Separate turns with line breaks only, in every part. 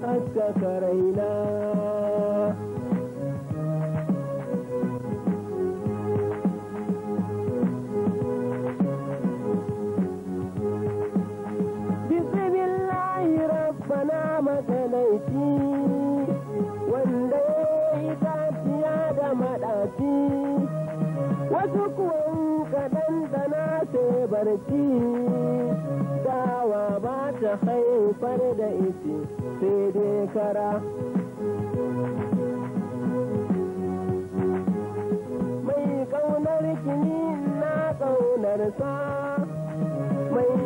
haskaka raina bismillahi rabbana matsalaiti wanda ya yi da maɗaci wasu kuwa kaɗan da na ce barci dawa ba ta haifar da ita sai dai kara mai ƙaunar kini na ƙaunarsa mai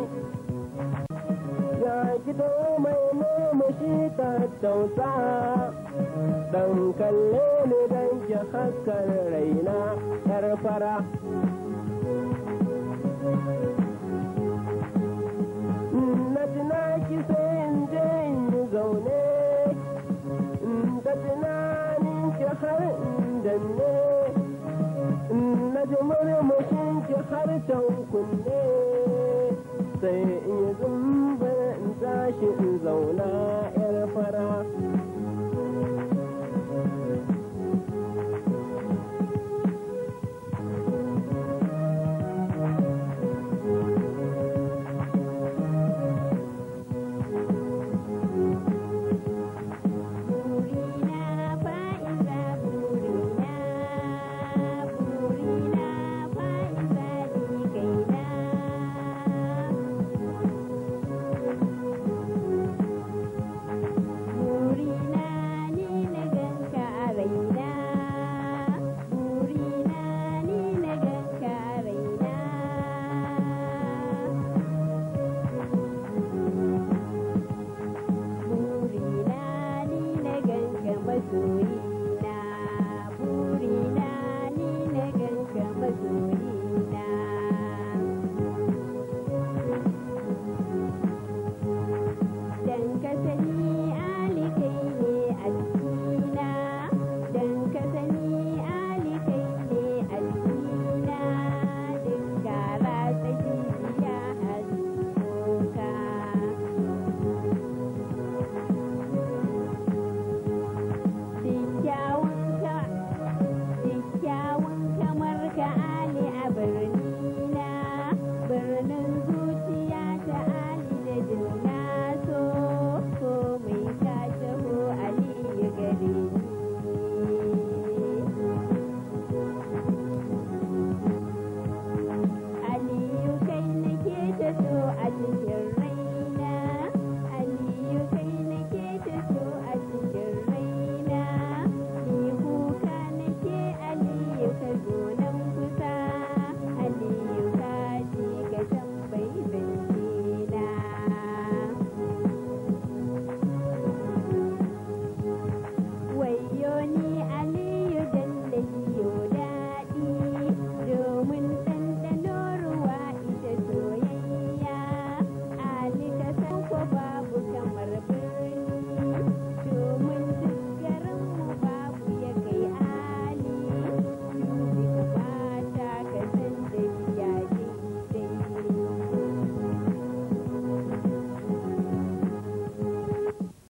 ya gido mai murmushi tattausa dan kalle ni dan ki haskar raina yar fara har ta kunne sai in zumbar